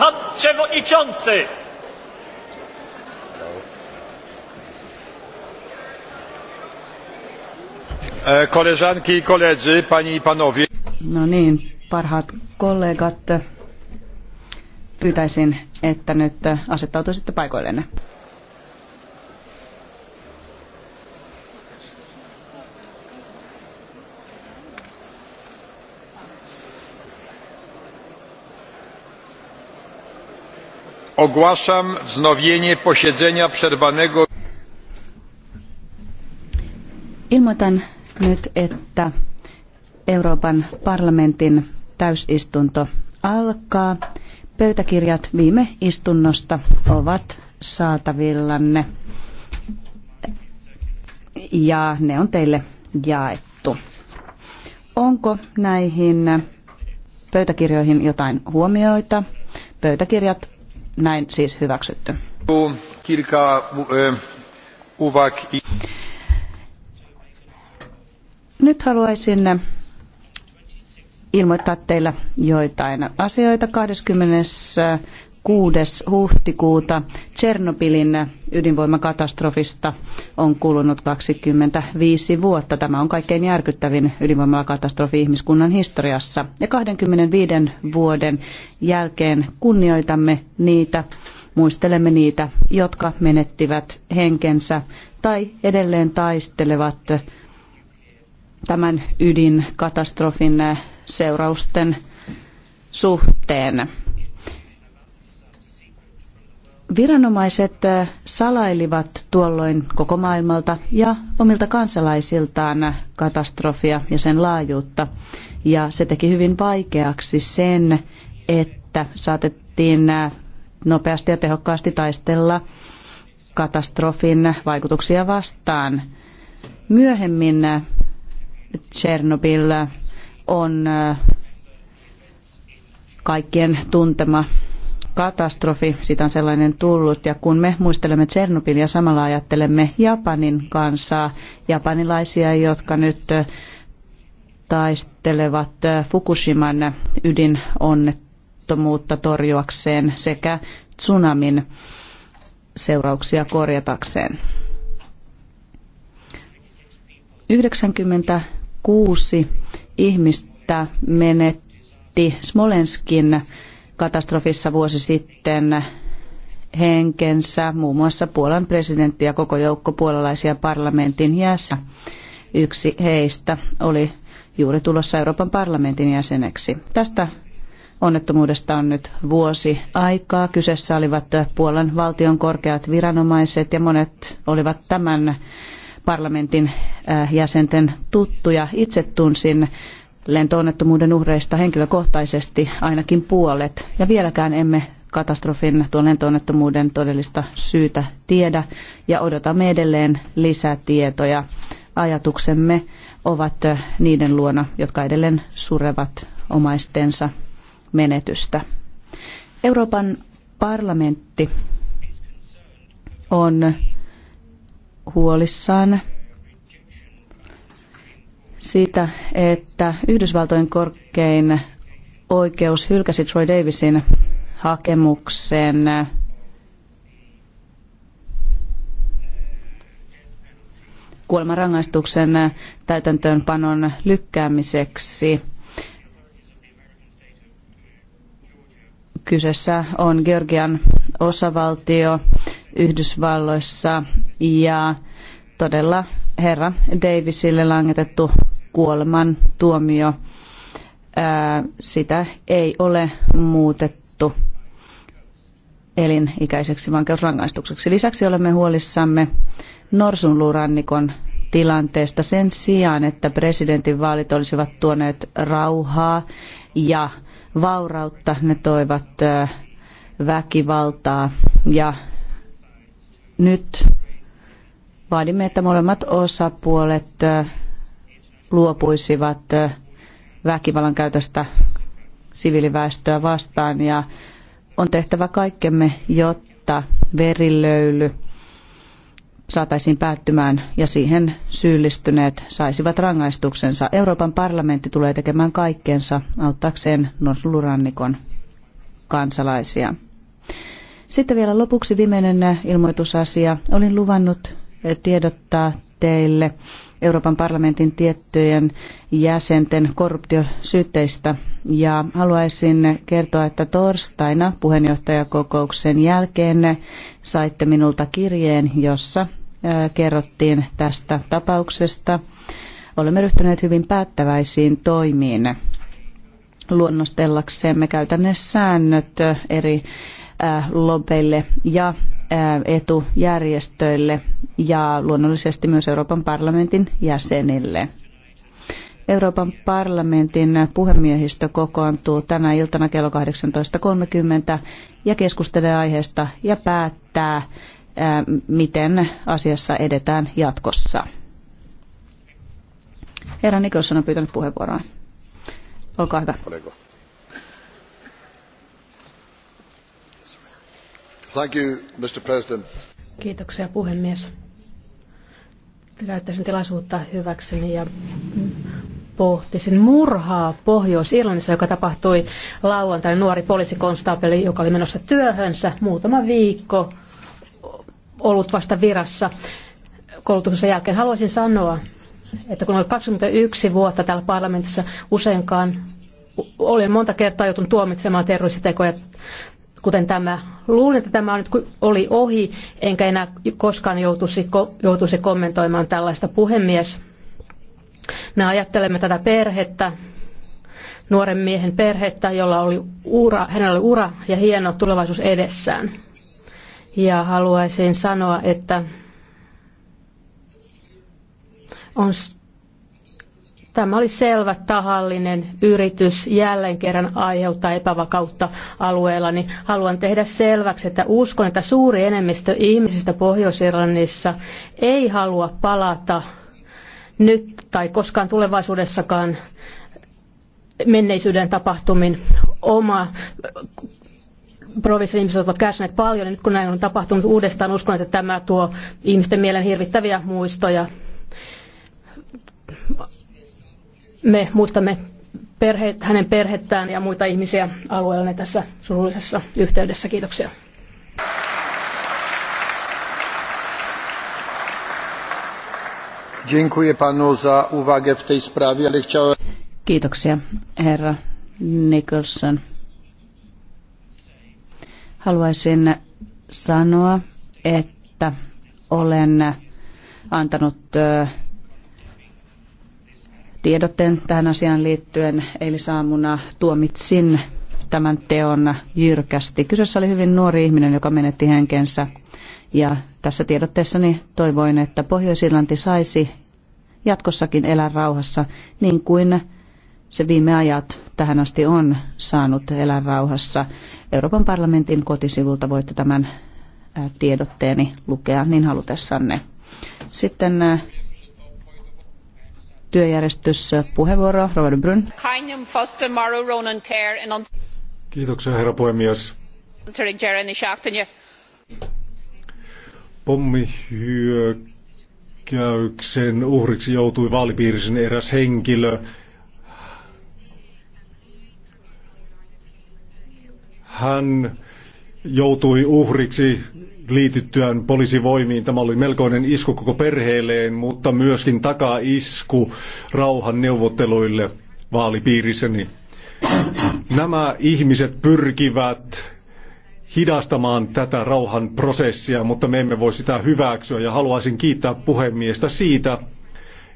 Pan Przewodniczący! E, koleżanki i koledzy, panie i panowie. No niin, parhaat kollegat, pyytäisin, että nyt asettautuisitte paikoillenne. Ogłaszam wznowienie posiedzenia przerwanego. Ilmoitan nyt, että Euroopan parlamentin täysistunto alkaa. Pöytäkirjat viime istunnosta ovat saatavillanne ja ne on teille jaettu. Onko näihin pöytäkirjoihin jotain huomioita? Pöytäkirjat näin siis hyväksytty. E, Nyt haluaisin e, ilmoittaa teille joitain asioita. 20. 6. huhtikuuta Tsernobylin ydinvoimakatastrofista on kulunut 25 vuotta. Tämä on kaikkein järkyttävin ydinvoimalakatastrofi ihmiskunnan historiassa. Ja 25 vuoden jälkeen kunnioitamme niitä, muistelemme niitä, jotka menettivät henkensä tai edelleen taistelevat tämän ydinkatastrofin seurausten suhteen. Viranomaiset salailivat tuolloin koko maailmalta ja omilta kansalaisiltaan katastrofia ja sen laajuutta. Ja se teki hyvin vaikeaksi sen, että saatettiin nopeasti ja tehokkaasti taistella katastrofin vaikutuksia vastaan. Myöhemmin Chernobyl on kaikkien tuntema katastrofi, siitä on sellainen tullut. Ja kun me muistelemme Tsernobylia, samalla ajattelemme Japanin kansaa, japanilaisia, jotka nyt taistelevat Fukushiman ydinonnettomuutta torjuakseen sekä tsunamin seurauksia korjatakseen. 96 ihmistä menetti Smolenskin katastrofissa vuosi sitten henkensä muun muassa Puolan presidentti ja koko joukko puolalaisia parlamentin jäsen. Yksi heistä oli juuri tulossa Euroopan parlamentin jäseneksi. Tästä onnettomuudesta on nyt vuosi aikaa. Kyseessä olivat Puolan valtion korkeat viranomaiset ja monet olivat tämän parlamentin äh, jäsenten tuttuja. Itse tunsin lentoonnettomuuden uhreista henkilökohtaisesti ainakin puolet. Ja vieläkään emme katastrofin tuon lentoonnettomuuden todellista syytä tiedä ja odotamme edelleen lisätietoja. Ajatuksemme ovat niiden luona, jotka edelleen surevat omaistensa menetystä. Euroopan parlamentti on huolissaan siitä, että Yhdysvaltojen korkein oikeus hylkäsi Troy Davisin hakemuksen kuolemanrangaistuksen täytäntöönpanon lykkäämiseksi. Kyseessä on Georgian osavaltio Yhdysvalloissa ja todella herra Davisille langetettu kuoleman tuomio, sitä ei ole muutettu elinikäiseksi vankeusrangaistukseksi. Lisäksi olemme huolissamme norsunluurannikon tilanteesta sen sijaan, että presidentin vaalit olisivat tuoneet rauhaa ja vaurautta. Ne toivat väkivaltaa ja nyt vaadimme, että molemmat osapuolet luopuisivat väkivallan käytöstä siviiliväestöä vastaan ja on tehtävä kaikkemme, jotta verilöyly saataisiin päättymään ja siihen syyllistyneet saisivat rangaistuksensa. Euroopan parlamentti tulee tekemään kaikkensa auttaakseen Norsulurannikon kansalaisia. Sitten vielä lopuksi viimeinen ilmoitusasia. Olin luvannut tiedottaa teille Euroopan parlamentin tiettyjen jäsenten korruptiosyytteistä. Ja haluaisin kertoa, että torstaina puheenjohtajakokouksen jälkeen saitte minulta kirjeen, jossa kerrottiin tästä tapauksesta. Olemme ryhtyneet hyvin päättäväisiin toimiin luonnostellaksemme käytännössäännöt eri lobeille ja etujärjestöille ja luonnollisesti myös Euroopan parlamentin jäsenille. Euroopan parlamentin puhemiehistö kokoontuu tänä iltana kello 18.30 ja keskustelee aiheesta ja päättää, miten asiassa edetään jatkossa. Herra on pyytänyt puheenvuoroa. Olkaa hyvä. arvoisa Kiitoksia puhemies. Käyttäisin tilaisuutta hyväkseni ja pohtisin murhaa Pohjois-Irlannissa, joka tapahtui lauantaina nuori poliisikonstaapeli, joka oli menossa työhönsä muutama viikko ollut vasta virassa koulutuksen jälkeen. Haluaisin sanoa, että kun olen 21 vuotta täällä parlamentissa useinkaan, olen monta kertaa joutunut tuomitsemaan terroristitekoja kuten tämä. Luulin, että tämä nyt oli ohi, enkä enää koskaan joutuisi, joutuisi kommentoimaan tällaista puhemies. Me ajattelemme tätä perhettä, nuoren miehen perhettä, jolla oli ura, hänellä oli ura ja hieno tulevaisuus edessään. Ja haluaisin sanoa, että on Tämä oli selvä tahallinen yritys jälleen kerran aiheuttaa epävakautta alueella, niin haluan tehdä selväksi, että uskon, että suuri enemmistö ihmisistä Pohjois-Irlannissa ei halua palata nyt tai koskaan tulevaisuudessakaan menneisyyden tapahtumin oma provinssin ihmiset ovat kärsineet paljon, ja nyt kun näin on tapahtunut uudestaan, uskon, että tämä tuo ihmisten mielen hirvittäviä muistoja me muistamme perhe, hänen perhettään ja muita ihmisiä alueella tässä surullisessa yhteydessä. Kiitoksia. Kiitoksia, herra Nicholson. Haluaisin sanoa, että olen antanut tiedotteen tähän asiaan liittyen eilisaamuna tuomitsin tämän teon jyrkästi. Kyseessä oli hyvin nuori ihminen, joka menetti henkensä. Ja tässä tiedotteessani toivoin, että Pohjois-Irlanti saisi jatkossakin elää rauhassa niin kuin se viime ajat tähän asti on saanut elää rauhassa. Euroopan parlamentin kotisivulta voitte tämän tiedotteeni lukea niin halutessanne. Sitten työjärjestyspuheenvuoro. Robert Brun. Kiitoksia herra puhemies. Pommihyökkäyksen uhriksi joutui vaalipiirisen eräs henkilö. Hän joutui uhriksi liityttyään poliisivoimiin. Tämä oli melkoinen isku koko perheelleen, mutta myöskin takaisku rauhan neuvotteluille vaalipiirissäni. Nämä ihmiset pyrkivät hidastamaan tätä rauhan prosessia, mutta me emme voi sitä hyväksyä ja haluaisin kiittää puhemiestä siitä,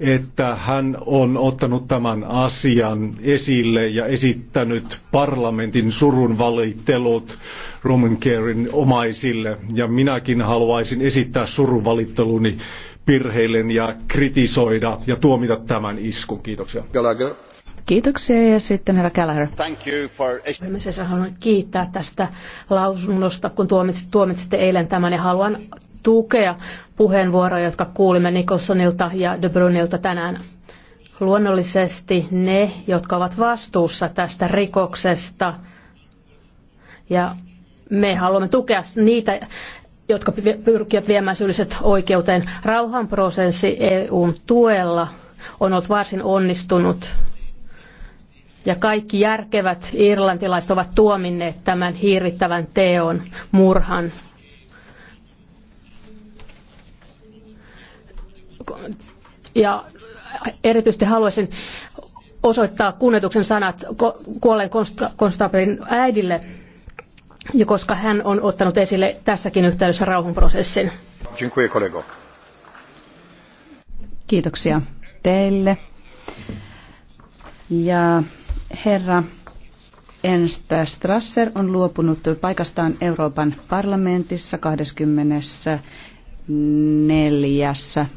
että hän on ottanut tämän asian esille ja esittänyt parlamentin surun valittelut Roman Carein omaisille. Ja minäkin haluaisin esittää surun valitteluni pirheilen ja kritisoida ja tuomita tämän iskun. Kiitoksia. Gallagher. Kiitoksia ja sitten herra Gallagher. Thank you for... Haluan kiittää tästä lausunnosta, kun tuomitsitte eilen tämän ja haluan tukea puheenvuoroja, jotka kuulimme Nikolsonilta ja De Brunilta tänään. Luonnollisesti ne, jotka ovat vastuussa tästä rikoksesta, ja me haluamme tukea niitä, jotka pyrkivät viemään syylliset oikeuteen. Rauhanprosessi EUn tuella on ollut varsin onnistunut ja kaikki järkevät irlantilaiset ovat tuominneet tämän hirvittävän teon murhan. ja erityisesti haluaisin osoittaa kunnetuksen sanat kuolleen konstaapelin äidille, koska hän on ottanut esille tässäkin yhteydessä rauhanprosessin. Kiitoksia teille. Ja herra Ernst Strasser on luopunut paikastaan Euroopan parlamentissa 24.